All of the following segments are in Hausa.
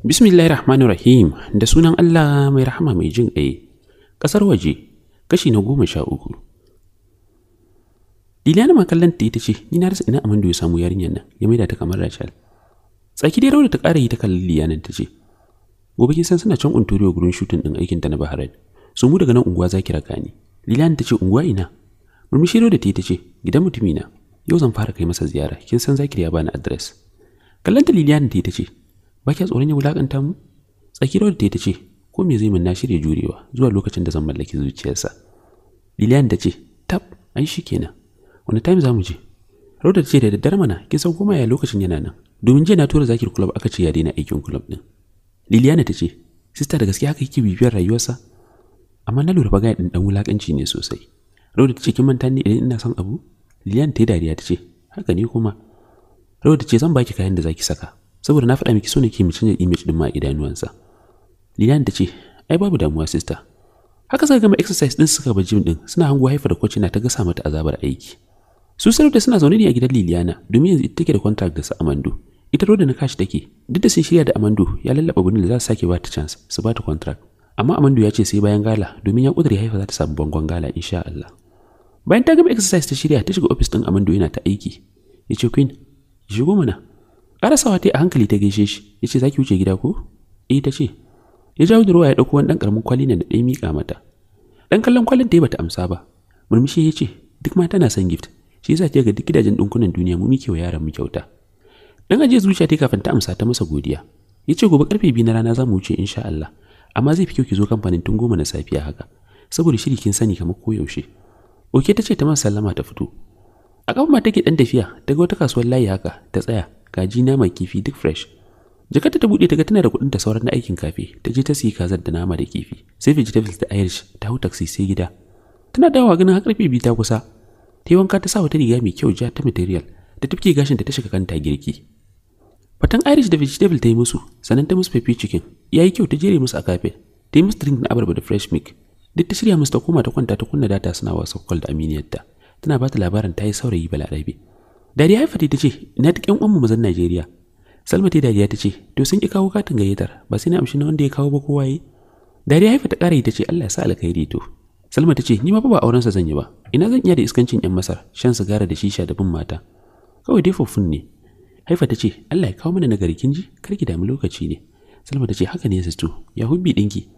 Bismillahir Rahmanir Rahim da sunan Allah mai rahama mai jin ƙai. Ƙasar waje kashi na goma sha uku. Liliana ma yi ta ita ce ni na rasa ina a da ya samu yarinyar nan ya maida ta kamar Rachel. Tsaki dai rauda ta ƙara yi ta kallon Liliana ta ce. Gobe kin san suna can Ontario gurin shutun ɗin aikin ta na Bahrain. Su mu daga nan unguwa za ki raka ni. Liliana ta ce unguwa ina murmushi da ta ce gidan mutumina yau zan fara kai masa ziyara kin san zakir ya bani adres kallanta liliyan ta ce ba kya tsoron ya wulakanta mu tsaki da ta ce ko me zai min na shirya jurewa zuwa lokacin da zan mallaki zuciyarsa liliyan ta ce tab an shi kenan wani time za mu je Rauda ta ce da daddare mana kin san koma ya lokacin yana nan domin jiya na tura zakir club aka ce ya daina aikin club din liliana ta ce sista da gaskiya haka yake bibiyar rayuwarsa amma na lura ba ga din dan wulakanci ne sosai Rauda ta ce kin manta ni idan ina son abu? Lilian ta yi dariya ta ce haka ne kuma. Rauda ta ce zan baki kayan da za ki saka saboda na faɗa miki so nake mu canza image din ma a idanuwansa. Lilian ta ce ai babu damuwa sista. Haka suka gama exercise din suka ba gym din suna hango haifa da kwacina na ta gasa mata azabar aiki. Su Sarauta suna zaune ne a gidan Liliana domin yanzu ita take da contract da su Amando. Ita Rauda na kashi take duk da sun shirya da Amando ya lallaba gudun da za su sake ba ta chance su ba ta contract. amma amando ya ce sai bayan gala domin ya kudure haifa za ta samu bangon gala insha Allah. bayan ta gama exercise ta shirya ta shiga ofis ɗin amando yana ta aiki ya queen shigo mana ƙarasawa ta a hankali ta gaishe shi ya ce za ki wuce gida ko eh ta ce ya jawo da ruwa ya dauko wani dan ƙaramin kwali na da ɗaya mika mata dan kallon kwalin ta yi bata amsa ba murmushi ya ce duk ma tana son gift shi yasa ta ga duk gidajen ɗinkunan duniya mu muke wa yaran mu kyauta dan aje zuciya ta kafin ta amsa ta masa godiya yace gobe karfe biyu na rana za mu wuce insha Allah amma zai fi kyau ki zo kamfanin tun goma na safiya haka saboda shiri kin sani kamar koyaushe Oke ta ce ta man sallama ta fito. A kan ma take dan tafiya, ta ga wata kasuwar layi haka, ta tsaya, ga kaji mai kifi duk fresh. Jakarta ta buɗe ta ga tana da kuɗin ta sauran na aikin kafe, ta je ta siyi kazar da nama da kifi, sai vegetables da Irish, ta hau taxi sai gida. Tana dawowa ganin har karfe biyu ta kusa. Ta yi wanka ta sa wata riga mai kyau ja ta material, da tafke gashin da ta shiga kanta girki. Fatan Irish da vegetable ta yi musu, sannan ta musu pepper chicken, ya yi kyau ta jere musu a kafe, ta yi musu drink na abarba da fresh milk, duk ta shirya musu ta koma ta kwanta ta kunna data suna wasu kwal da aminiyarta tana ba ta labarin ta yi saurayi balarabe dariya ya fadi ta ce na duk yan uwanmu mazan najeriya salma ta dariya ta ce to sun ki kawo katin gayyatar ba sai na amshi na wanda ya kawo ba kowa yi dariya ya ta ƙara yi ta ce allah ya sa alkhairi to Salma ta ce, Ni ma ba aurensa zan yi ba, ina zan iya da iskancin ‘yan Masar, shan sigara da shisha da bin mata. Kawai dai fofin ne. Haifa ta ce, Allah ya kawo mana nagari kin ji, kar ki damu lokaci ne. Salma ta ce, Haka ne sisto, ya hubbi ɗinki.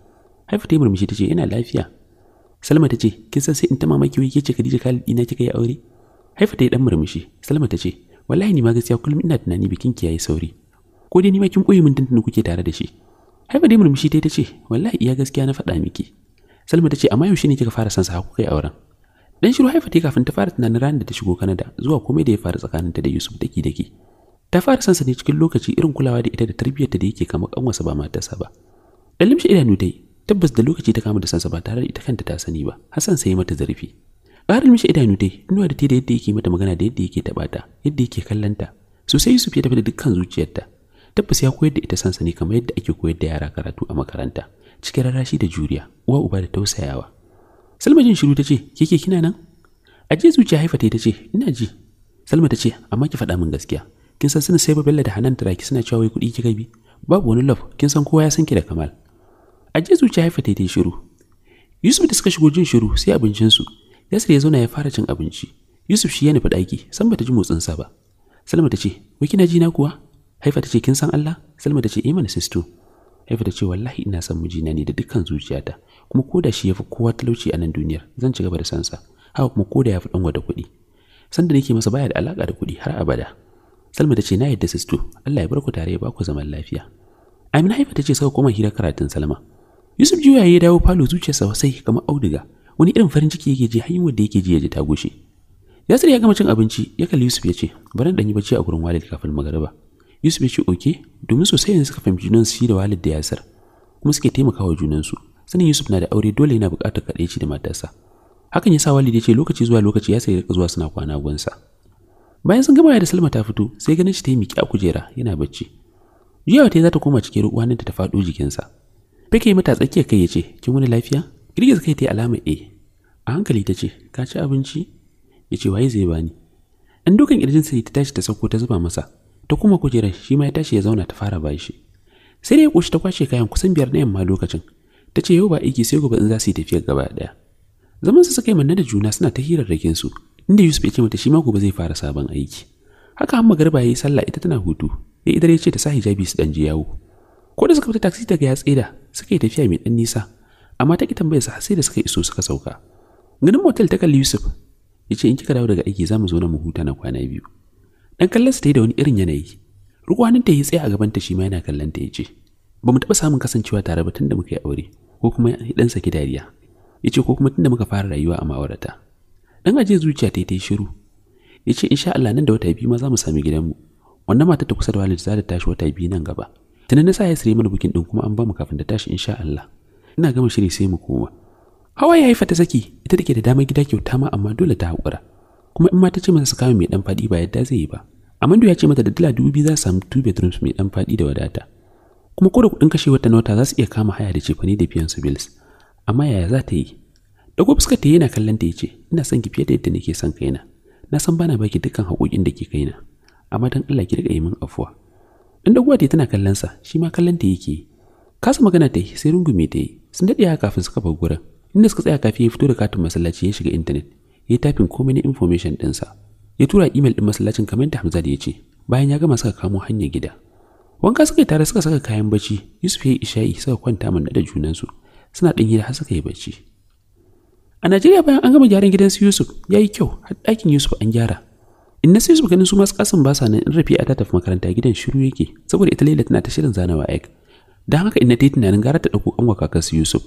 haifu ta yi murmushi ta ce yana lafiya salma ta ce kin san sai in ta mamaki wai ce kadija khalid ina kika yi aure haifu ta yi dan murmushi salma ta ce wallahi ni ma gaskiya kullum ina tunani bikin ki yayi sauri ko dai ni ma kin koyi mun tuntuni kuke tare da shi haifu dai murmushi ta ce wallahi iya gaskiya na faɗa miki salma ta ce amma yaushe ne kika fara san sa kuka yi auren dan shiru haifa ta kafin ta fara tunanin ranar da ta shigo Canada zuwa komai da ya faru tsakaninta da Yusuf daki daki ta fara sansa ne cikin lokaci irin kulawa da ita da tarbiyyar ta da yake kamar kanwarsa ba matarsa ba dan limshi idanu dai tabbas da lokaci ta kama da sansa ba tare da ita kanta ta sani ba hassan sai mata zarfi. ƙarin mishi idanu dai inuwa da da yadda yake mata magana da yadda yake taɓa ta yadda yake kallanta sosai yusuf ya tafi da dukkan zuciyarta tabbas ya koyar da ita sansa ne kamar yadda ake koyar da yara karatu a makaranta cikin rarashi da juriya uwa uba da tausayawa salma jin shiru ta ce keke kina nan a zuciya haifa ta ce ina ji salma ta ce amma ki faɗa min gaskiya kin san suna sai babella da hanan taraki suna cewa wai kuɗi kika bi babu wani love kin san kowa ya san ki da kamal je zuciya haifa ta dai shiru. Yusuf da suka shigo jin shiru sai abincinsu. Yasir ya zauna ya fara cin abinci. Yusuf shi ya nufi ɗaki, san bata ji motsin sa ba. Salma ta ce, "Wai kina ji na kuwa?" Haifa ta ce, "Kin san Allah?" Salma ta ce, "Iman eh sisto." Haifa ta ce, "Wallahi ina son mijina ne da dukkan zuciyata, kuma ko da shi ya fi kowa talauci a nan duniyar, zan ci gaba da sansa. Haka kuma ko da ya fi ɗan gwada kuɗi. Sanda nake masa baya da alaƙa da kuɗi har abada." Salma ta ce, "Na yadda sisto, Allah ya bar ku tare ya ba zaman lafiya." Amina Haifa ta ce, "Saka koma hira karatun Salma." Yusuf juya ya dawo falo zuciyarsa wasai kamar auduga wani irin farin ciki yake ji hanyar da yake ji ya ji ta gushe. Yasir ya gama cin abinci ya kalli Yusuf ya ce bari dan yi bacci a gurin Walid kafin magariba. Yusuf ya ce oke domin sosai yanzu suka fahimci junan shi da Walid da Yasir kuma suke taimakawa junan su Sanin Yusuf na da aure dole yana buƙatar kaɗaici da matarsa. Hakan ya sa Walid ya ce lokaci zuwa lokaci Yasir ya zuwa suna kwana gunsa. Bayan sun gama da Salma ta fito sai ganin shi ta yi miki a kujera yana bacci. Jiya wata za ta koma cikin ruwaninta ta faɗo jikinsa. Fike mata tsakiyar kai ya ce, Kin wani lafiya? Girgiza kai ta yi alamar A. Eh. A hankali ta ce, Ka ci abinci? Ya ce, Waye zai bani? Ɗan dukan sai ta tashi ta sauko ta zuba masa, ta kuma kujerar shi ma ya tashi ya zauna ta fara shi Sai dai ya ƙoshi ta kwashe kayan kusan biyar na yamma lokacin, ta ce yau ba aiki sai gobe in za su yi tafiyar gaba ɗaya. Zaman su suka yi manna da juna suna ta hirarrakin su, inda Yusuf ya ce mata shi ma gobe zai fara sabon aiki. Haka Hamma Garba ya yi sallah ita tana hutu, ya idar ya ce ta sa hijabi su ɗan je yawo. Ko da suka fita taksi daga ya suka yi tafiya mai ɗan nisa amma ta ki tambayar sa sai da suka iso suka sauka ganin motel ta kalli Yusuf ya ce in kika dawo daga aiki za mu zo na mu huta na kwana biyu dan kallon sa ta da wani irin yanayi rukwanin ta yi tsaye a gaban ta shi ma yana kallon ta ya ce ba mu taɓa samun kasancewa tare ba tunda muka yi aure ko kuma ya dan saki dariya ya ce ko kuma tunda muka fara rayuwa a ma'aurata dan aje zuciya ta yi ta yi shiru ya ce insha Allah nan da wata biyu ma za mu sami gidanmu wannan mata ta kusa da Walid za ta tashi wata biyu nan gaba tunan na sa ya sire mana bukin din kuma an bamu kafin da tashi insha Allah ina gama shiri sai mu koma hawa ya haifa ta saki ita take da damar gida kyauta ma amma dole ta hakura kuma in ma ta ce masa su kawo mai dan fadi ba yadda zai yi ba amandu ya ce mata da dala dubu biyu za su samu two bedrooms mai dan fadi da wadata kuma ko da kuɗin kashe wata na wata za su iya kama haya da cefani da biyan su bills amma yaya za ta yi dago fuskar ta yana kallon ta yace ina son ki fiye da yadda nake son kaina na san bana baki dukkan haƙoƙin da ke kaina amma dan Allah ki riga yi min afuwa dan daguwa ta tana kallon sa shi ma kallon ta yake kasa magana ta yi sai rungume ta yi sun dade haka kafin suka kafa gurin inda suka tsaya kafin ya fito da katin masallaci ya shiga intanet ya yi tafin komai na information sa ya tura imel ɗin masallacin kamar ta Hamza ya ce bayan ya gama suka kamo hanyar gida wanka suka yi tare suka saka kayan bacci Yusuf ya yi isha'i suka kwanta manna da junansu suna ɗan gida har suka yi bacci a Najeriya bayan an gama gyaran gidan su Yusuf ya yi kyau har ɗakin Yusuf an gyara in na sai su ganin su masu kasan ba sa nan in rafi ta tafi makaranta gidan shiru yake saboda ita laila tana ta shirin zanawa ek don haka in na tai tunanin gara ta ɗauko kakar su yusuf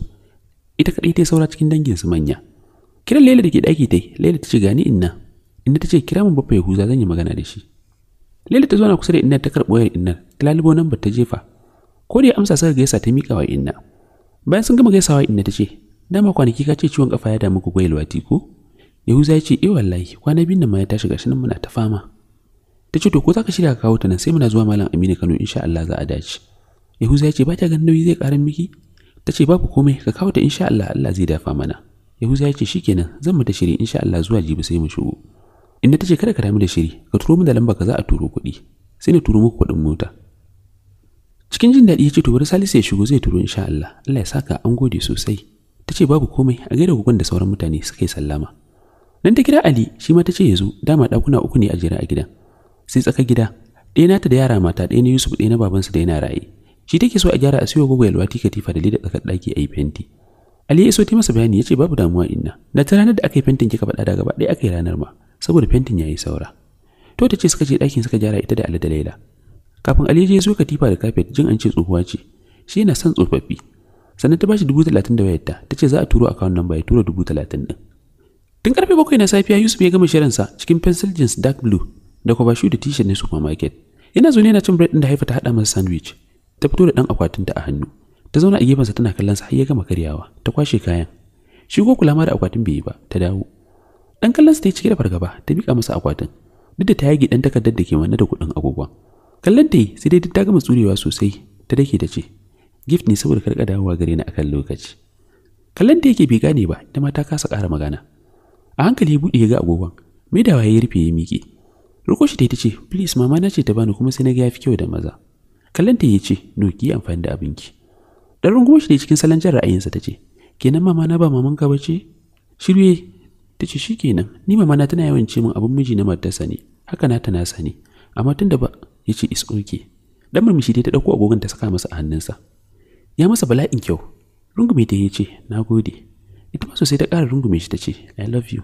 ita kaɗai ta saura cikin dangin su manya kiran laila da ke ɗaki ta yi laila ta ce gani inna inna ta ce kira min ya yahuza zan yi magana da shi laila ta zauna kusa da inna ta karɓo wayar inna ta lalubo nan ta jefa ko da ya amsa suka gaisa ta miƙa wa inna bayan sun gama gaisawa inna ta ce dama kwanaki ka ce ciwon kafa ya damu ku gwailuwa ko Yahuza ya ce eh wallahi kwana biyu nan ma ya tashi gashi nan muna ta fama. Ta ce to ko zaka shirya ka kawo ta nan sai muna zuwa Malam Aminu Kano insha Allah za a dace. Yahuza ya ce ba ta ganin nauyi zai karan miki? Ta ce babu komai ka kawo ta insha Allah Allah zai dafa mana. Yahuza ya ce shikenan zan mu ta shiri insha Allah zuwa jibi sai mu shigo. Inda ta ce kada ka rami da shiri ka turo mu da lamba ka za a turo kuɗi sai na turo muku kuɗin mota. cikin jin daɗi ya ce to bari salisu ya shigo zai turo insha Allah Allah ya saka an gode sosai ta ce babu komai a gaida gugun da sauran mutane suka yi sallama nan ta gida ali shi ma ta ce ya zo dama ɗakuna uku ne a jira a gidan sai tsaka gida ɗaya nata da yara mata ɗaya na yusuf ɗaya na babansa da yana raye shi take so a gyara a siyo gogo yalwa tika tifa da lida tsakar ɗaki a yi fenti ali ya so ta masa bayani ya ce babu damuwa inna na ta ranar da aka yi fentin kika faɗa da gaba ɗaya aka yi ranar ma saboda fentin ya yi saura to ta ce suka je ɗakin suka gyara ita da ali da laila kafin ali ya zo katifa da kafet jin an ce tsohuwa ce shi yana son tsofaffi sannan ta bashi dubu talatin da wayarta ta ce za a turo akawun nan ya tura dubu talatin ɗin Tun karfe bakwai na safiya Yusuf ya gama shirinsa cikin pencil jeans dark blue da kwabashu da t-shirt na supermarket. Yana zaune yana cin bread ɗin da haifa ta haɗa masa sandwich. Ta fito da ɗan akwatinta a hannu. Ta zauna a gefensa tana kallon sa har ya gama karyawa. Ta kwashe kayan. Shi ko kula ma da akwatin bai yi ba, ta dawo. Dan kallon sa ta yi cike da fargaba, ta mika masa akwatin. Duk da ta yage ɗan takardar da ke manne da kuɗin agogon. Kallon ta yi sai dai duk ta gama tsurewa sosai, ta dake ta ce, gift ne saboda karka dawowa gare ni akan lokaci. Kallon ta yake bai gane ba, ita ma ta kasa kara magana. a hankali ya buɗe ya ga agogon mai da waye ya rufe ya miƙe riko shi ta ce please mama na ce ta bani kuma sai na ga yafi kyau da maza kallanta ya ce no ki amfani da abinki dan rungumo shi cikin salon jin ra'ayinsa ta ce kenan mama na ba maman ka bace shirye ta ce shikenan ni mama na tana yawan ce min abin miji na matarsa ne haka na ta na sani amma tunda ba ya ce is okay dan murmushi ta dauko agogon ta saka masa a hannunsa ya masa bala'in kyau rungume ta ya ce gode. ita ma sosai ta ƙara rungume shi ta ce i love you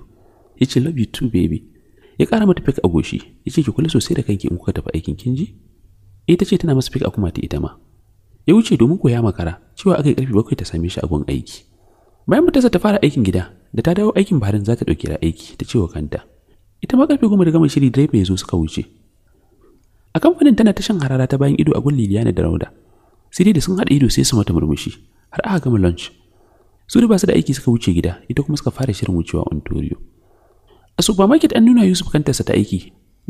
ya ce love you too baby ya ƙara mata fik a goshi ya ce ki kula sosai da kanki in kuka tafi aikin kin ji ita eh, ce tana masa fik a kuma ta ita ma ya wuce domin koya makara cewa aka yi ƙarfi bakwai ta same shi a gun aiki bayan matarsa ta fara aikin gida da ta dawo aikin baharin za ta ɗauki da aiki ta ce wa kanta ita ma ƙarfe goma da gama shiri direba ya zo suka wuce a kamfanin tana ta shan harara ta bayan ido a gun liliana da rauda sai dai da sun haɗa ido sai su mata murmushi har aka gama lunch su da ba su da aiki suka wuce gida ita kuma suka fara shirin wucewa ontario a supermarket an nuna yusuf kantarsa ta aiki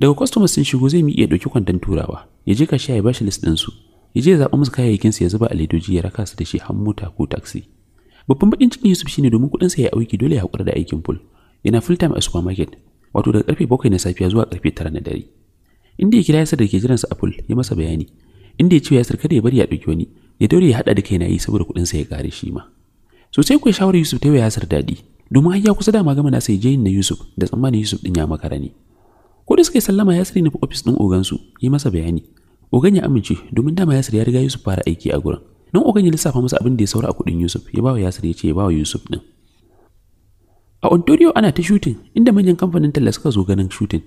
daga customers sun shigo zai iya ɗauki kwandon turawa ya je kashi ya bashi list su ya je ya zaɓi musu su ya zuba a ledoji ya raka su da shi har mota ko taxi babban bakin cikin yusuf shine domin kuɗinsa ya auki dole ya haƙura da aikin full yana full time a supermarket wato daga karfe bakwai na safiya zuwa karfe tara na dare inda ya kira yasir da ke jiransa a full ya masa bayani inda ya ce yasir kada ya bari ya dauki wani ya dore ya haɗa da kai na yi saboda sa ya ƙare shi ma sosai ku shawara Yusuf ta yi Yasir daɗi domin ayya kusa da gama na sai jayin na Yusuf da tsammanin Yusuf din ya makara ne ko da suka yi sallama Yasir nufi ofis din ogansu yi masa bayani ogan ya amince domin dama Yasir ya riga Yusuf fara aiki a gurin nan ogan ya lissafa masa abin da ya saura a kudin Yusuf ya bawa Yasir ya ce ya bawa Yusuf din a Ontario ana ta shooting inda manyan kamfanin talla suka zo ganin shooting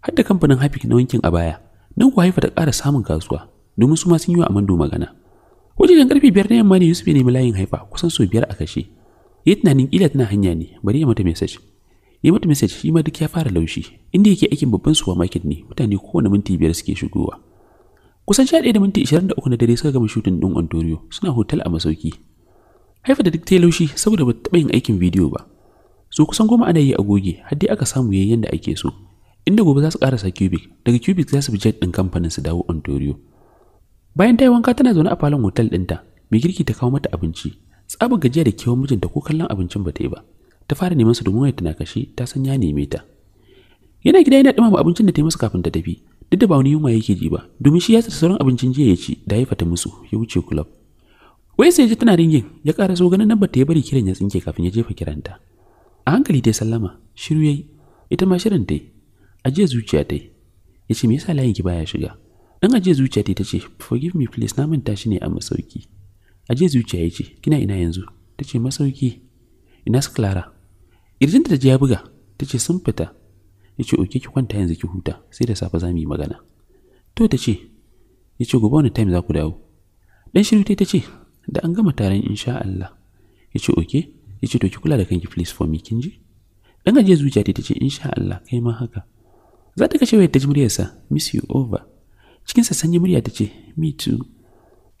har kamfanin hafik na wankin a baya don ku haifa ta ƙara samun kasuwa domin su ma sun yi wa Amando magana wajen karfe biyar na yamma ne yusuf ya nemi layin haifa kusan sau biyar a kashe ya tunanin kila tana hanya ne bari ya mata message ya mata message shi ma duk ya fara laushi inda yake aikin babban suwa market ne mutane kowane minti biyar suke shigowa kusan sha ɗaya da minti ishirin da uku na dare suka gama shooting ɗin ontario suna hotel a masauki haifa da duk ta yi laushi saboda ba taɓa yin aikin bidiyo ba so kusan goma ana yi a goge har dai aka samu yayin da ake so inda gobe za su ƙarasa cubic daga cubic za su bi jet ɗin kamfanin su dawo ontario bayan ta yi wanka tana zaune a falon hotel ɗinta mai girki ta kawo mata abinci tsabin gajiya da kewan mijinta ko kallon abincin ba ta yi ba ta fara neman su domin wayar tana kashe ta san ya neme ta yana gida yana dumama abincin da ta yi masa kafin ta tafi duk da ba wani yunwa yake ji ba domin shi ya sa sauran abincin jiya ya ci da ya fata musu ya wuce kulob wai sai ji tana ringin ya ƙara so ganin nambar ta ya bari kiran ya tsinke kafin ya jefa ta a hankali ta sallama shiru ya yi, ita ma shirin ta yi ajiya zuciya ta yi ya ce me yasa layin ki baya shiga Dan aje zuciya ta ce, "Forgive me please, na manta shi ne a masauki." Aje zuciya ya ce, "Kina ina yanzu?" Ta ce, "Masauki." Ina su Clara? Irjinta ta ji ya buga, ta ce, "Sun fita." Ya ce, "Oke ki kwanta yanzu ki huta, sai da safe za mu yi magana." To ta ce, ya ce, "Gobe wani time za ku dawo." Dan shiru ta ce, "Da an gama taron insha Allah." Ya ce, "Oke." Ya ce, "To ki kula da kanki please for me, kin ji?" Dan aje zuciya ta ce, "Insha Allah, kai ma haka." Za ta kashe wayar ta ji muryarsa, "Miss you over." cikin sassan murya ta ce me too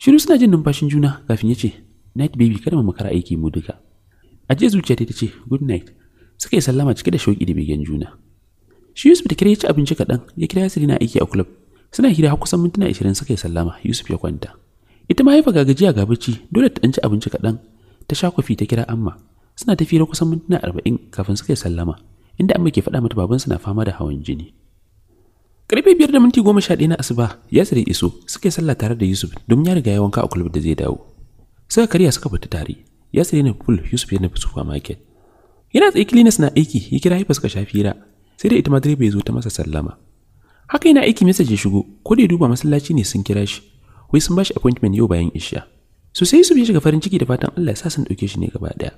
shiru suna jin numfashin juna kafin ya ce night baby kada mu makara aiki mu duka a je zuciya ta ce good night suka yi sallama cike da shauki da begen juna shi Yusuf da kira ya ci abinci kaɗan ya kira Yasiri na aiki a club suna hira har kusan mintuna ishirin suka yi sallama Yusuf ya kwanta ita mahaifa ga gajiya ga bacci dole ta ɗanci abinci kaɗan ta sha kwafi ta kira amma suna tafiya kusan mintuna arba'in kafin suka yi sallama inda amma ke faɗa mata babansu na fama da hawan jini Karfe biyar da minti goma sha ɗaya na asuba, Yasir ya iso suka yi sallah tare da Yusuf domin ya riga ya wanka a kulub da zai dawo. Suka karya suka fita tare. Yasir ya na pool, Yusuf ya nufi supermarket. Yana tsaye Kilinas na aiki, ya kira Haifa suka shafi hira, sai da ita ma direba ya zo ta masa sallama. Haka yana aiki mesa ya shigo, ko da ya duba masallaci ne sun kira shi. Wai sun bashi appointment yau bayan isha. So sai Yusuf ya shiga farin ciki da fatan Allah ya sa sun ɗauke shi ne gaba ɗaya.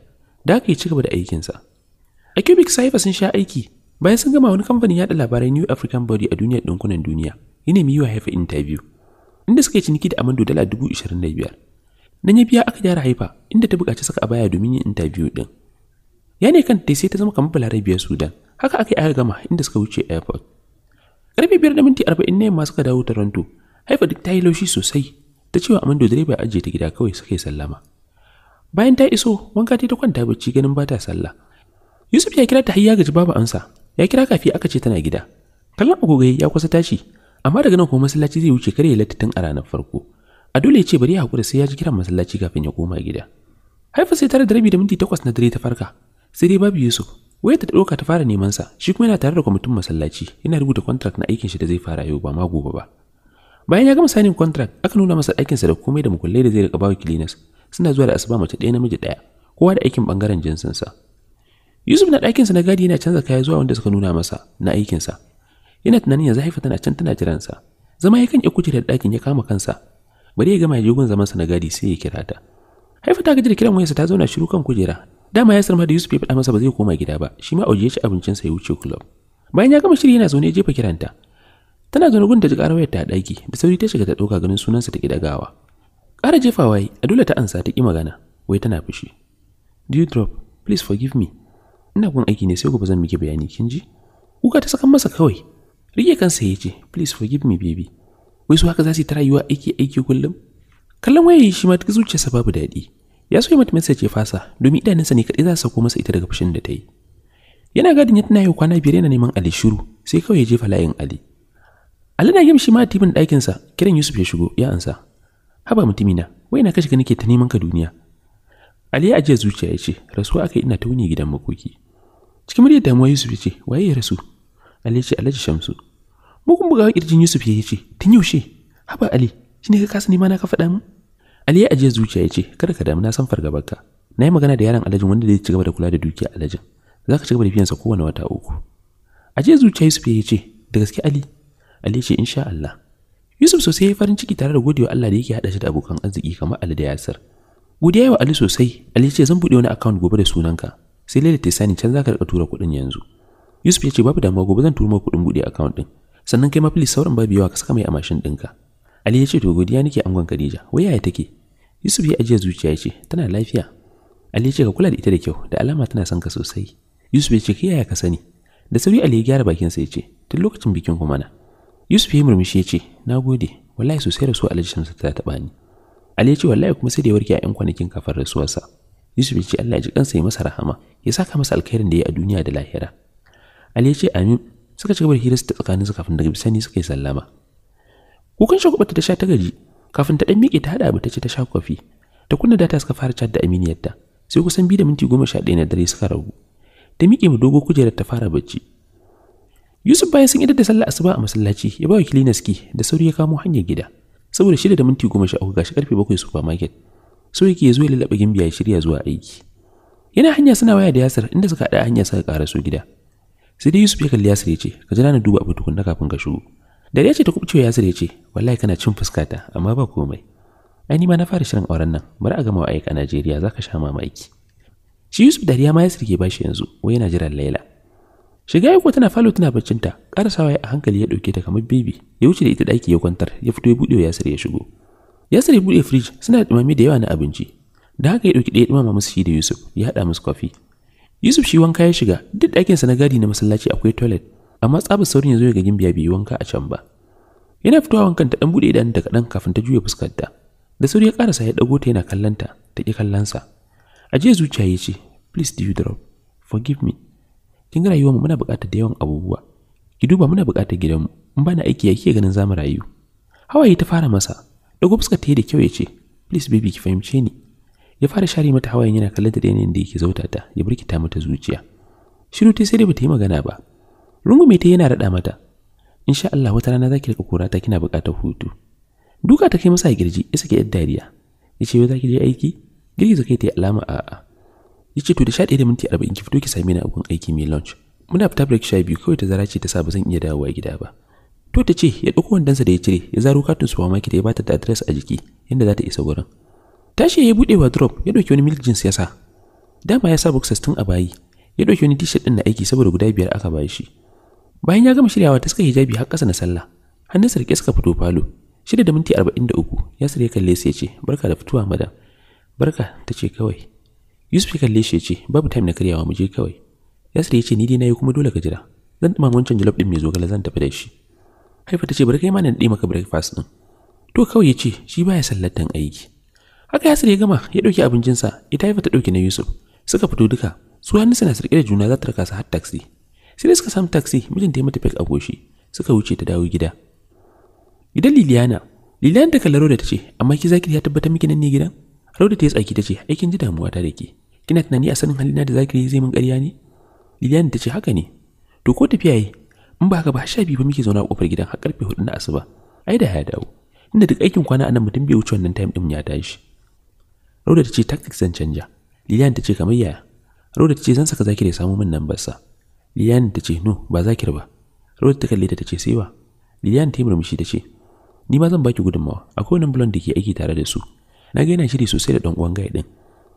Da haka ya ci gaba da aikinsa. A cubic Haifa sun sha aiki, bayan sun gama wani kamfanin yaɗa labarai new african body a duniyar ɗinkunan duniya ya nemi miyuwa haifa interview inda suka yi ciniki da amando dala dubu ishirin da biyar nan ya biya aka gyara haifa inda ta buƙaci saka baya domin yin interview ɗin ya ne kan sai ta zama kamar biyar sudan haka aka yi aka gama inda suka wuce airport karfe biyar da minti arba'in na yamma suka dawo toronto haifa duk ta yi laushi sosai ta cewa amando direba ya ajiye ta gida kawai suka yi sallama bayan ta iso wanka ta kwanta bacci ganin ba ta sallah yusuf ya kira ta hayya gaji babu amsa ya kira kafi aka ce tana gida kallon agogo ya kusa tashi amma daga nan kuma masallaci zai wuce kare ya tun a ranar farko a dole ya ce bari ya hakura sai ya ji kiran masallaci kafin ya koma gida haifa sai tare da rabi da minti takwas na dare ta farka sai dai babu yusuf waya ta ɗauka ta fara neman sa shi kuma yana tare da kwamitin masallaci yana rubuta contract na aikin shi da zai fara yau ba ma gobe ba bayan ya gama sanin contract aka nuna masa aikin sa da komai da mukullai da zai riƙa bawa kilinas suna zuwa da asuba mace ɗaya namiji ɗaya kowa da aikin ɓangaren jinsin sa Yusuf na ɗakinsa na gadi yana canza kaya zuwa wanda suka nuna masa na aikinsa. Yana tunanin yanzu haifa tana can tana jiransa. Zama ya kan kujera da ɗakin ya kama kansa. Bari ya gama ya je zamansa na gadi sai ya kira ta. Haifa ta gaji da kiran wayarsa ta zauna shiru kan kujera. Dama ya sarma da Yusuf ya faɗa masa ba zai koma gida ba. Shi ma ajiye ya ci abincinsa ya wuce kulob. Bayan ya gama shiri yana zaune ya jefa kiranta. Tana zaune gun da ji ƙarar ta a ɗaki da sauri ta shiga ta ɗauka ganin sunansa ta gawa Ƙara jefawa yi a dole ta ansa ta ƙi magana wai tana fushi. Do you drop? Please forgive me. ina gun aiki ne sai gobe zan miki bayani kin ji kuka ta saka masa kawai rike kansa ya ce please forgive me baby wai su haka za su yi ta rayuwa aiki aiki kullum kallon wayayi shi ma duk zuciyarsa babu daɗi ya so ya mata message ya fasa domin idanunsa ne kaɗai za su sako masa ita daga fushin da ta yi yana gadin ya tana yau kwana biyar yana neman ali shiru sai kawai ya jefa layin ali ali na yin shi ma tibin ɗakinsa kiran yusuf ya shigo ya ansa haba mutumina wai na kashe ka nake ta neman ka duniya ali ya ajiye zuciya ya ce rasuwa aka ina ta wuni gidan makoki cikin muryar damuwa yusuf ya ce waye ya rasu ali ce alhaji shamsu mugun bugawa kirjin yusuf ya ce tun yaushe haba ali shi ne ka kasa nema na ka faɗa mu ali ya ajiye zuciya ya ce kada ka damu na san fargabarka na yi magana da yaron alhajin wanda zai ci gaba da kula da dukiya alhajin za ka ci gaba da sa kowane wata uku ajiye zuciya yusuf ya ce da gaske ali ali ce insha Allah Yusuf sosai ya yi farin ciki tare da godewa Allah da yake haɗa shi da abokan arziki kamar Ali da Yasir. Godiya wa Ali sosai, Ali ce zan buɗe wani account gobe da sunanka. sai Laila ta sani can za ka rika tura kuɗin yanzu Yusuf ya ce babu damuwa gobe zan tura maka kuɗin buɗe account ɗin. sannan kai ma please sauran babu yawa ka saka mai a mashin ɗinka Ali ya ce to godiya nake angon Khadija wai ya take Yusuf ya ajiye zuciya ya ce tana lafiya Ali ya ce ka kula da ita da kyau da alama tana son ka sosai Yusuf ya ce ka yaya ka sani da sauri Ali ya gyara bakin sa ya ce tun lokacin bikin ku mana Yusuf ya murmushi ya ce na gode. wallahi sosai rasuwa Alhaji Shamsu ta taɓa ni Ali ya ce wallahi kuma sai da ya warke a 'yan kwanakin kafar rasuwarsa Yusuf ya ce Allah ya ji kansa ya masa rahama ya saka masa alkhairin da ya a duniya da lahira Ali ya ce amin suka ci gaba da hira su ta tsakanin su kafin daga bisani suka yi sallama kukan shagwabata ta sha ta gaji kafin ta ɗan miƙe ta haɗa abu ta ce ta sha kofi ta kunna data suka fara cadda da aminiyarta sai kusan biyu da minti goma sha ɗaya na dare suka ragu ta miƙe ma dogo kujerar ta fara bacci Yusuf bayan sun idar da sallah asuba a masallaci ya ba wa kilinaski da sauri ya kamo hanyar gida saboda shida da minti goma sha uku gashi karfe bakwai supermarket so yake zuwa ya lallaɓa gimbiya ya shirya zuwa aiki yana hanya suna waya da yasir inda suka haɗa hanya suka ƙara su gida sai dai yusuf ya kalli yasir ya ce ka jira na duba abin tukunna kafin ka shigo da ya ce ta kubcewa yasir ya ce wallahi kana cin fuskata amma ba komai ai ni ma na fara shirin auren nan bari a gama wa aika najeriya za ka sha mamaki shi yusuf dariya ma yasir ke bashi yanzu wai yana jiran laila Shiga ya tana falo tana baccinta, ƙarasawa ya a hankali ya ɗauke ta kamar bibi, ya wuce da ita daki ya kwantar, ya fito ya buɗe ya ya shigo. Yasir ya buɗe firij suna da ɗumami da yawa na abinci. Da haka ya ɗauki ɗaya ɗumama musu shi da Yusuf ya hada musu kwafi. Yusuf shi wanka ya shiga duk sa na gadi na masallaci akwai toilet amma tsabar saurin ya zo ya ga gimbiya bai wanka a can ba. Yana fitowa wankan ta ɗan buɗe idan da kaɗan kafin ta juya fuskarta. Da sauri ya ƙarasa ya ɗago ta yana kallonta ta ƙi kallonsa. A jiya zuciya ya ce, Please do you drop, forgive me. Kin ga rayuwarmu muna buƙatar da yawan abubuwa. Ki duba muna buƙatar gidanmu, in ba na aiki ya ke ganin zamu rayu. Hawaye ta fara masa, dago fuskar ta yi da kyau ya ce please baby ki fahimce ni ya fara share mata hawayen yana kallon ta da yanayin da yake zauta ta ya birkita mata zuciya shiru ta sai dai bata yi magana ba rungume ta yana raɗa mata insha Allah wata rana zaki rika kora ta kina buƙatar hutu duka ta kai masa a girji ya sake yar dariya ya ce zaki je aiki girgiza kai ta yi alama a a. ya ce to da sha ɗaya da minti arba'in ki fito ki sami ni a aiki mai lunch muna fita break sha biyu kawai ta zara ce ta sa ba zan iya dawowa gida ba to ta ce ya ɗauko wandonsa da ya cire ya zaro katin supermarket ya bata da adres a jiki inda za ta isa gurin tashi ya buɗe wardrobe ya ɗauki wani milk jeans ya sa dama ya sa boxers tun a bayi ya ɗauki wani t-shirt ɗin na aiki saboda guda biyar aka bayi shi bayan ya gama shiryawa ta suka hijabi har ƙasa na sallah hannunsa rike suka fito falo shida da minti arba'in da uku ya sare kalle sai ya ce barka da fituwa madam barka ta ce kawai yusuf ya kalle shi ya ce babu time na karyawa mu je kawai ya sare ya ce ni dai na yi kuma dole ka jira zan ɗuma wancan jalof ɗin mai zogale zan tafi da shi haifa ta ce bari kai ma na daɗe maka breakfast ɗin to kawai ya ce shi baya sallatan aiki haka yasir ya gama ya ɗauki abincinsa ita haifa ta ɗauki na yusuf suka fito duka su hannu suna sarƙe da juna za ta raka su har taxi sai da suka samu taxi mijin ta yi mata fake a goshi suka wuce ta dawo gida gidan liliana liliana ta kalla rauda ta ce amma ki zaki ya tabbatar miki nan ne gidan rauda ta yi tsaki ta ce aikin ji damuwa ta da ke kina tunani a sanin halina da zakiri zai min ƙarya ne liliana ta ce haka ne to ko tafiya yi in ba ka ba sha biyu ba muke zaune a kofar gidan har karfe hudu na asuba ai da ya dawo inda duk aikin kwana anan mutum bai wuce wannan time din ya tashi Rauda ta ce tactics zan canja Lilian ta ce kamar yaya Rauda ta ce zan saka zaki da samu min nan barsa Lilian ta ce no ba Zakir ba Rauda ta kalle ta ta ce sai ba Lilian ta yi murmushi ta ce ni ma zan baki gudunmawa akwai wani blond da ke aiki tare da su na ga yana shiri sosai da dan uwan gai din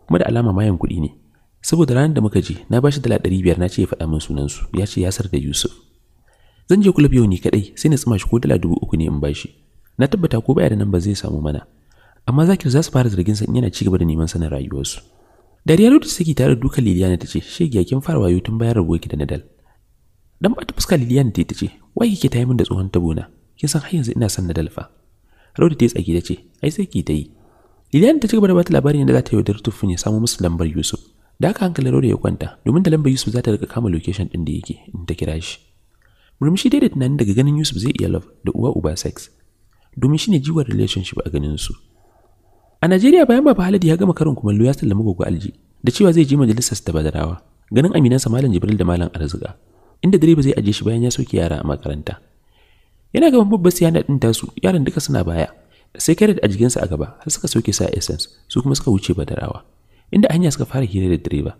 kuma da alama mayan kuɗi ne saboda ranar da muka je na bashi dala 500 na ce ya faɗa min sunan su ya ce Yasir da Yusuf zan je kulub yau ni kadai sai na tsima shi ko dala dubu uku ne in bashi na tabbata ko baya da nan ba zai samu mana amma zakir za su fara zargin san yana ci gaba da neman sanin rayuwarsu dariya da suke tare da dukan liliana ta ce shegiya kin fara wayo tun bayan rabuwar ki da nadal dan bata fuska liliana ta ce wai kike ta yi min da tsohon tabona kin san har yanzu ina son nadal fa Rauda ta tsaki da ce, "Ai sai ki ta yi." Liliana ta ci gaba da bata labarin yadda za ta yi wadar tufin ya samu musu lambar Yusuf. Da aka hankali Rauda ya kwanta, domin da lambar Yusuf za ta rika kama location din da yake in ta kira shi. murmushi dai da tunanin daga ganin Yusuf zai iya love da uwa uba sex domin shi shine jiwon relationship a ganin su a Najeriya bayan Baba Halid ya gama karin kumallo ya sallama gogo Alji da cewa zai je majalisar ta Badarawa ganin aminansa Malam Jibril da Malam Arzika inda direba zai aje shi bayan ya soke yara a makaranta yana gaban babbar siyana din tasu yaran duka suna baya sai da a sa a gaba har suka soke sa essence su kuma suka wuce Badarawa inda hanya suka fara hira da direba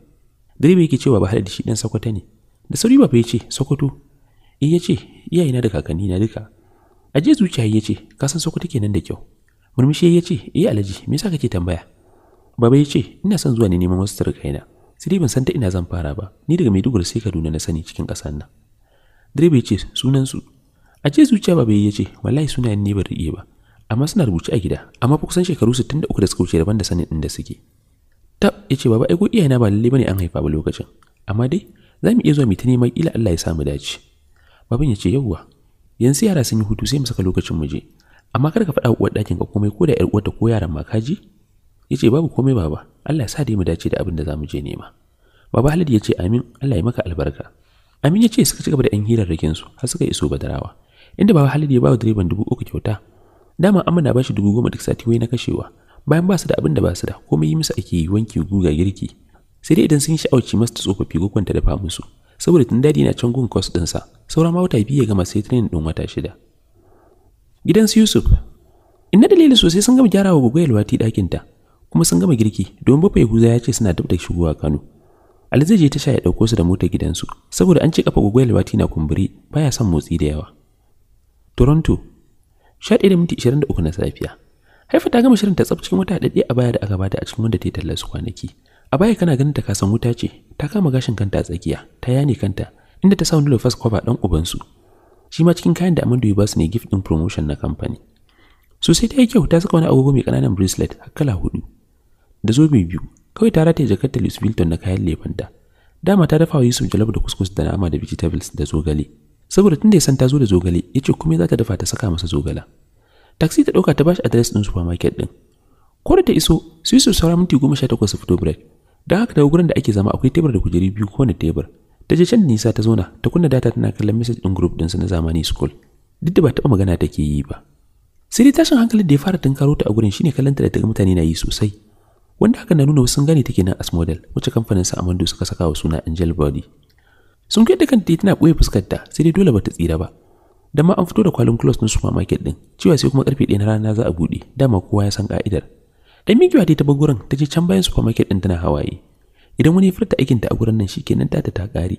direba yake cewa Baba Halid shi dan sakwata ne da sauri baba ya ce Sokoto eh ya ce na da kakanni na duka aje zuciya ya ce ka san sokoto nan da kyau murmushi ya ce eh alhaji me yasa kake tambaya baba ya ce ina son zuwa ne neman wasu turkaina sai dai ban san ta ina zan fara ba ni daga mai maiduguri sai kaduna na sani cikin ƙasar nan direba ya ce sunan su aje zuciya baba ya ce wallahi suna ne ban riƙe ba amma suna rubuce a gida amma fa kusan shekaru 63 da suka wuce daban da sanin da suke tab ce baba ai ko iyayena ba lalle bane an haifa ba lokacin amma dai za mu iya zuwa mu ta neman ila Allah ya samu dace babin ya ce yauwa yanzu yara sun yi hutu sai mu saka lokacin mu je amma kar ka faɗa uwar ɗakin ka komai ko da ƴar ta ko yaran ma kaji ya ce babu komai baba Allah ya sa dai mu dace da abin da za mu je nema baba Halid ya ce amin Allah ya maka albarka amin ya ce suka ci gaba da hirar hirarrakin su har suka iso badarawa inda baba Halid ya ba wa direban dubu uku kyauta dama amma na bashi dubu goma duk sati wai na kashewa bayan ba su da abin da ba su da komai yi musu ake yi wanki guga girki sai dai idan sun yi sha'awaci masu tsofaffi ko kwanta dafa musu saboda tun dadi na can gun kwas ɗinsa saura ma wata biyu ya gama sai train ɗin wata shida gidansu yusuf na dalilin sosai sun gama gyarawa gugu yalwati ta kuma sun gama girki don bafa guza ya ce suna dab da shigowa kano ali zai je sha ya ɗauko su da motar gidansu saboda an ci kafa gugu yalwati na kumburi baya son motsi da yawa toronto sha ɗaya da minti ishirin da uku na safiya haifa ta gama shirin ta tsaf cikin wata haɗaɗɗe a baya da aka bata a cikin wanda ta yi tallar kwanaki a baya kana ganin ta kasan wuta ce ta kama gashin kanta a tsakiya ta yane kanta inda ta sa wani lofas kwaba dan ubansu shi ma cikin kayan da Amadu ya ba su ne gift din promotion na kamfani su sai ta yi kyau ta saka wani agogo mai kananan bracelet a kala hudu da zobe biyu kawai ta rataye jakar ta Louis Vuitton na kayan lefanta dama ta dafa wa Yusuf jalof da kuskus da nama da vegetables da zogale saboda tunda ya san ta zo da zogale ya ce kuma za ta dafa ta saka masa zogala taxi ta ɗauka ta bashi adres ɗin supermarket ɗin ko da ta iso su yi su saura minti goma sha takwas su fito break Don haka daga gurin da ake zama akwai tebur da kujeri biyu kowane tebur. Ta je can nisa ta zauna ta kunna data tana kallon message ɗin group su na zamani school. Duk da ba taɓa magana take yi ba. Sai dai tashin hankalin da ya fara tunkaro ta a gurin shine kallon da ta ga mutane na yi sosai. Wanda haka na nuna wasu sun gane take nan as model wacce kamfanin sa Amando suka saka wa suna Angel Body. Sun kai da ta tana ɓoye fuskarta sai dai dole bata tsira ba. Da ma an fito da kwalin close na supermarket ɗin cewa sai kuma karfe 1 na rana za a buɗe dama kowa ya san ka'idar. Dan migiwa dai ta bar gurin ta ce can bayan supermarket din tana hawaye. Idan wani ya furta aikin ta a gurin nan shikenan ta ta kare.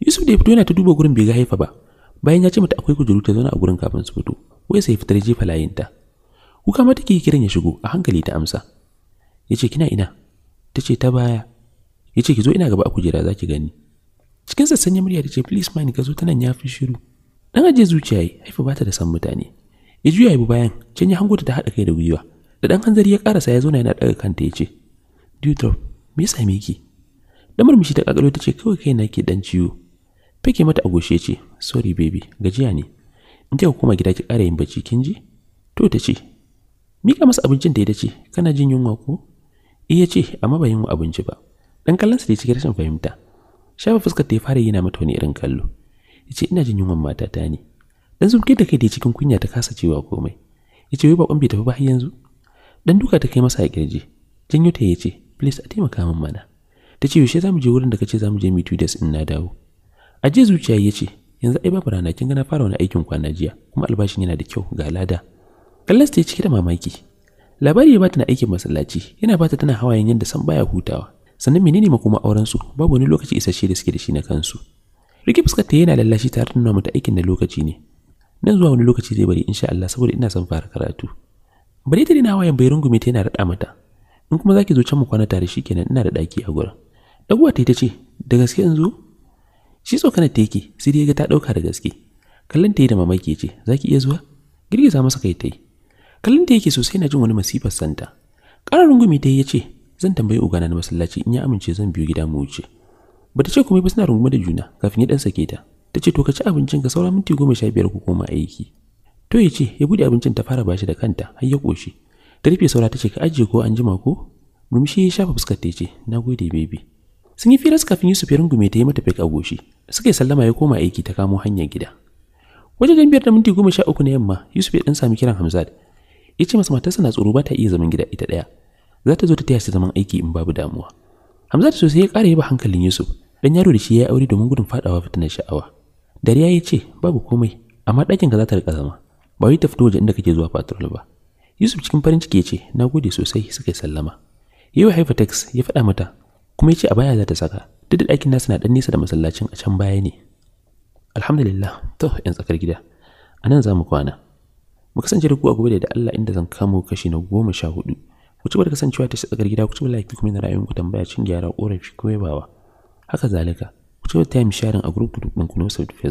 Yusuf da fito yana ta duba gurin bai ga haifa ba. Bayan ya ce mata akwai kujeru ta zauna a gurin kafin su fito. Wai sai fitar jefa ta Kuka mata ke kiran ya shigo a hankali ta amsa. yace kina ina? tace ta baya. yace ki zo ina gaba a kujera zaki gani. Cikin sassan ya murya tace filis please mani ka zo ta nan ya fi shiru. Dan aje zuciya haifa ba ta da san mutane. Ya juya ya bi bayan can ya hango ta ta kai da gwiwa. da dan hanzari ya karasa ya zo yana daga kanta ya ce dutrop me ya me ki da murmushi ta kakalo ta ce kawai kai na ke dan ciwo fake mata agoshe ce sorry baby gajiya ne in ta koma gida ki kara yin bacci kin ji to ta ce mika masa abincin da ya dace kana jin yunwa ko iya eh, ce amma ba yunwa abinci ba dan kallonsa da cikin rashin fahimta shafa fuskar ta ya fara yana mata wani irin kallo ya ce ina jin yunwan matata ne dan zumke da kai da cikin kunya ta kasa cewa komai ya ce wai bakon bai tafi ba har yanzu dan duka ta kai masa a kirji janyo ta yace please a taimaka min mana ta ce yaushe zamu je wurin da kace zamu je mu tudas in na dawo a je zuciya yace yanzu ai babu rana kin ga na fara wani aikin kwana jiya kuma albashin yana da kyau ga lada kallasta ta cike da mamaki labari ya bata na aikin masallaci yana bata tana hawayen yadda san baya hutawa sannan menene makoma auren su babu wani lokaci isasshe da suke da shi na kansu rike fuskar ta yana lallashi tare da nuna mata aikin da lokaci ne nan zuwa wani lokaci zai bari insha Allah saboda ina son fara karatu ba dai ta dina wayan bai rungumi ta rada mata in kuma zaki zo can mu kwana tare shikenan ina da ɗaki a gurin ɗaguwa ta ce da gaske in zo shi so ta yake sai dai ga ta ɗauka da gaske kallon ta yi da mamaki ce zaki iya zuwa girgiza masa kai ta yi kallon ta yake sosai na jin wani masifar santa ƙarar rungumi ta yi ya ce zan tambayi ugana na masallaci in ya amince zan biyo gida mu wuce ba ta ce kuma ba suna rungume da juna kafin ya ɗan sake ta ta ce to ka ci abincin ka saura minti goma sha biyar ku koma aiki To ya ce ya bude abincin ta fara bashi da kanta har ya koshi Karfe saura ta ce ka ajiye ko an jima ko? Murmushi ya shafa fuskar ta ce na gode baby. Sun yi firas kafin Yusuf ya rungume ta yi mata fik a goshi. Suka yi sallama ya koma aiki ta kamo hanyar gida. Wajen biyar da minti goma sha uku na yamma Yusuf ya dan sami kiran Hamzat. Ya ce masa matarsa na tsoro ba ta iya zaman gida ita ɗaya. Za ta zo ta taya shi zaman aiki in babu damuwa. Hamzat sosai ya ƙara yaba hankalin Yusuf. Dan yaro da shi ya yi aure domin gudun faɗawa fitinar sha'awa. Dariya ya ce babu komai amma ɗakin ka za ta riƙa zama. ba wai ta fito inda kake zuwa patrol ba Yusuf cikin farin ciki ya ce na gode sosai suka yi sallama yi wa haifa tax ya faɗa mata kuma ya ce a baya za ta saka duk da ɗakin nasu na ɗan nesa da masallacin a can baya ne alhamdulillah to yan tsakar gida a nan za mu kwana mu kasance da ku a gobe da Allah inda zan kamo kashi na goma sha hudu ku ci barka kasancewa ta tsakar gida ku ci kuma na rayuwar ku tambaya cin gyara korafi ko yabawa haka zalika ku ci ta yi a group group ɗin ku na Facebook